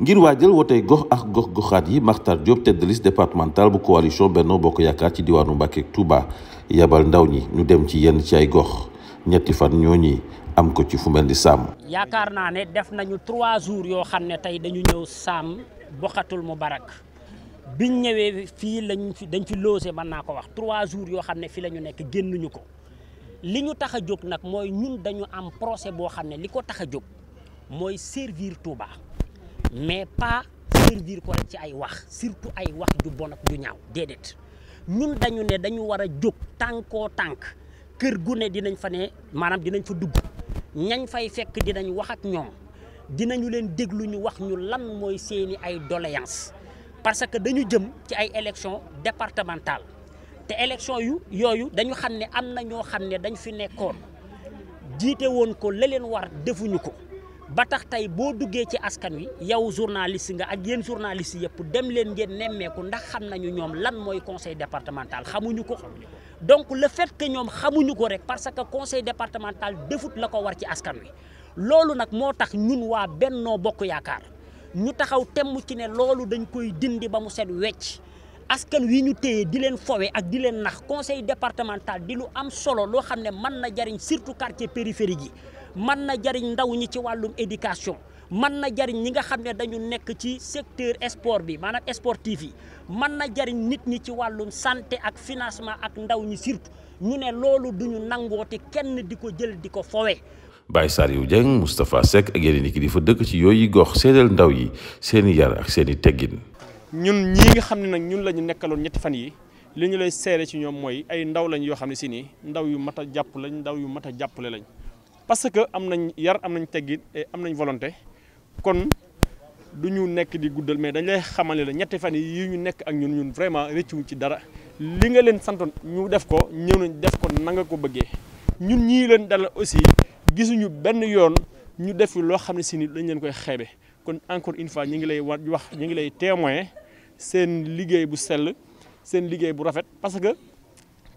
ngir waa jël wotey gox ak gox goxaat yi Makhtar Diop tête de liste bu coalition Benno Bokk Yaakaar ci diwaanu Mbàkke ak Touba yabal ndaw ñi ñu dem ci yenn ci ay gox ñetti fan ñoo ñooñi am ko ci fu mel ni Sàmm. yaakaar naa ne def nañu trois jours yoo xam ne tey dañu ñëw Sàmm mu Mubarak biñ ñëwee fii lañ fi dañ fi logé mën naa ko wax trois jours yoo xam ne fii lañu nekk génnuñu ko li ñu tax a jóg nag mooy ñun dañu am procès boo xam ne li ko tax a jóg mooy servir Touba. mais pas servir ko ci ay wax surtout ay wax ju bon ak ju ñaaw déedéet ñun dañu ne dañu war a jóg tànkoo tànk kër gu ne dinañ fa ne maanaam dinañ fa dugg ñañ fay fekk dinañ wax ak ñoom dinañu leen déglu ñu wax ñu lan mooy seeni ay doléance parce que dañu jëm ci ay élection départementale te élection yu yooyu dañu xam ne am na ñoo xam ne dañ fi nekkoon jiite woon ko la war defuñu ko ba tax tey boo duggee ci askan wi yow journaliste nga ak yéen journaliste yëpp dem leen ngeen nemmeeku ndax xam nañu ñoom lan mooy conseil départemental xamuñu ko donc le fait que ñoom xamuñu ko rek parce que conseil départemental defut la ko war ci askan wi loolu nag moo tax ñun waa Bennoo Bokk Yaakaar ñu taxaw temm ci ne loolu dañ koy dindi ba mu set wecc askan wi ñu téye di leen fowe ak di leen nax conseil départemental di lu am solo loo xam ne mën na jariñ surtout quartier périphérique yi mën na jariñ ndaw ñi ci wàllum éducation mën na jariñ ñi nga xam ne dañu nekk ci secteur sport bi maanaam sportif yi mën na jariñ nit ñi ci wàllum santé ak financement ak ndaw ñi surtout ñu ne loolu duñu nangooti kenn di ko jël di ko fowe Baye Saliou Dieng Moustapha Seck ak yeneen i kilifa dëkk ci yooyu gox seedeel ndaw yi seeni yar ak seeni teggin ñun ñii nga xam ne nag ñun la ñu nekkaloon ñetti fan yi li ñu lay seere ci ñoom mooy ay ndaw lañ yoo xam ne ndaw yu mat a jàpp lañ ndaw yu mat a jàppale lañ parce que am nañ yar am nañ teggin am nañ volonté kon du ñu nekk di guddal mais dañu lay xamale la ñetti fan yi ñu nekk ak ñun ñun vraiment rëccuwuñ ci dara li nga leen santoon ñu def ko ñëw nañ def ko na nga ko bëggee ñun ñii leen dala aussi gisuñu benn yoon ñu def loo xam ne si ni dañ leen koy xeebe kon encore une fois ñu ngi lay wax ñu ngi lay témoin seen liggéey bu sell seen liggéey bu rafet parce que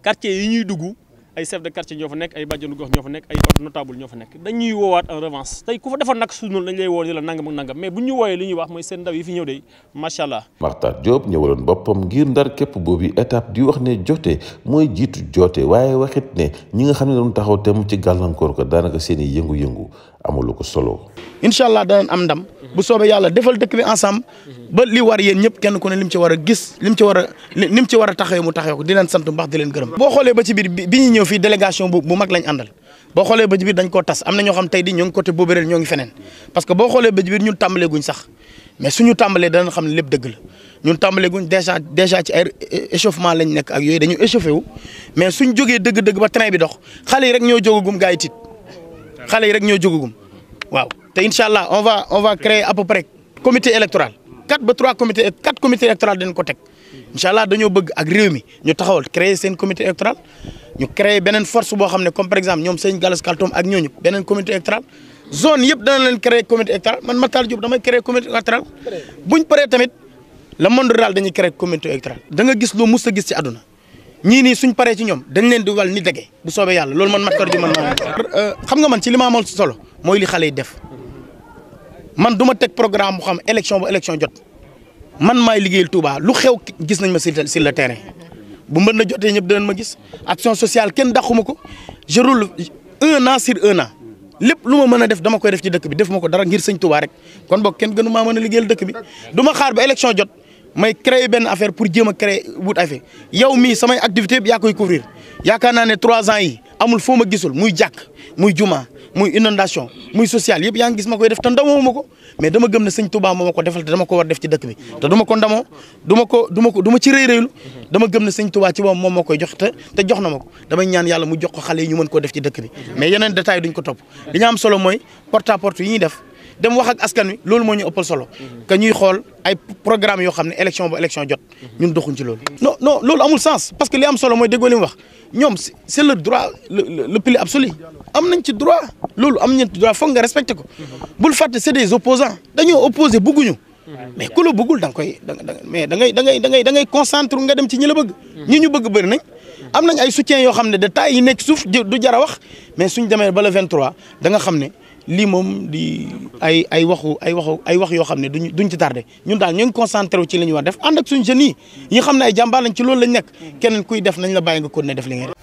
quartier yi ñuy dugg. ay chef de quartier ñoo fa nekk ay bàjjenu gox ñoo fa nekk ay notable ñoo fa nekk dañuy woowaat en revanche tey ku fa defoon nag su noonu dañ lay woo di la nangam mais bu ñu wooyee li ñuy wax mooy seen ndaw yi fi ñëw de macha allah. Makhtar Diop ñëwaloon boppam ngir ndar képp boobu étape di wax ne jote mooy jiitu joote waaye waxit ne ñi nga xam ne doon taxaw tem ci gàllankoor ko daanaka seen i yëngu-yëngu amulu ko solo. incha allah am ndam. bu soobee yàlla defal dëkk bi ensemble. ba li war yéen ñëpp kenn ku lim ci war a gis lim ci war a lim ci war mu taxawee yooyu dañu échauffé wu mais suñ jógee dëgg-dëgg ba train bi dox xale yi rek ñoo jógagum gaa yi tiit xalé yi rek ñoo jógagum waaw té inshallah on va on va créer à peu près comité électoral quatre ba trois comités quatre comités électoraux dañ ko tek inshallah dañoo bëgg ak réew mi ñu taxawal créer sen comité électoral ñu créer benen force bo xamné comme par exemple ñom Seigne Gallas Kaltoum ak ñooñu benen comité électoral zone yëpp dañ leen créer comité électoral man matal Diop damay créer comité électoral buñ paree tamit le monde rural dañuy créer comité électoral da nga gis loo musta gis ci àdduna ñii nii suñ paree ci ñoom dañ leen di wal ni dege bu soobee yàlla loolu man Matar Diouf man euh, xam nga man ci li ma amal solo mooy li xale def man du ma teg programme bu xam élection ba élection jot man maay liggéeyal Touba lu xew gis nañ ma si sur le terrain bu mën na jotee ñëpp dinañ ma gis action sociale kenn daxuma ko je roule un an sur un lépp lu ma mën a def dama koy def ci dëkk bi def ma ko dara ngir sëñ Touba rek kon boog kenn gënu maa mën a liggéeyal dëkk bi du ma xaar ba élection jot. may créer benn affaire pour jéem a créer wut affaire yow mii samay activité bi yaa koy couvrir yaakaar naa ne trois ans i amul foo ma gisul muy jàkk muy juma muy inondation muy social yëpp yaa ngi gis ma koy def te ndamoo ma ko mais dama gëm ne sëñ Touba moo ma ko defal te dama ko war def ci dëkk bi te du ma ko ndamoo ma ko du ma ko du ci rëy rëylu dama gëm ne ci moom moom moo koy jox te te jox na ma ko damay ñaan yàlla mu jox ko xale ñu mën koo def ci dëkk bi mais yeneen détails duñ ko topp li ñu am solo mooy porte yi ñuy def dem wax ak askan wi loolu mo ñu ëppal solo mhm. que ñuy xol ay programme yo xamné élection ba élection jot mhm. ñun doxuñ ci loolu non non loolu amul sens parce que li am solo moy déggoo lim wax ñom c'est le droit le pli absolu am nañ ci droit loolu am ñent droit fo nga respecté ko mhm. bul faté c'est des opposants dañu opposé bugguñu mais ku la bëggul da nga koy da nga mais da ngay da ngay da ngay da ngay concentre nga dem ci ñi la bëgg ñi ñu bëgg bari nañ am nañ ay soutien yo xamné ne détails yi nekk suuf du jar wax mais suñu demee ba le 23 da nga xamné lii moom di ay ay waxu ay waxu ay wax yoo xam ne duñ duñ ci tardé ñun daal ñu ngi concentré wu ci li ñu war def ànd ak suñu jeunes yi yi xam ne ay jàmbaar lañ ci loolu lañ nekk mm. keneen kuy def nañ la bàyyi nga ko ne def li ngay def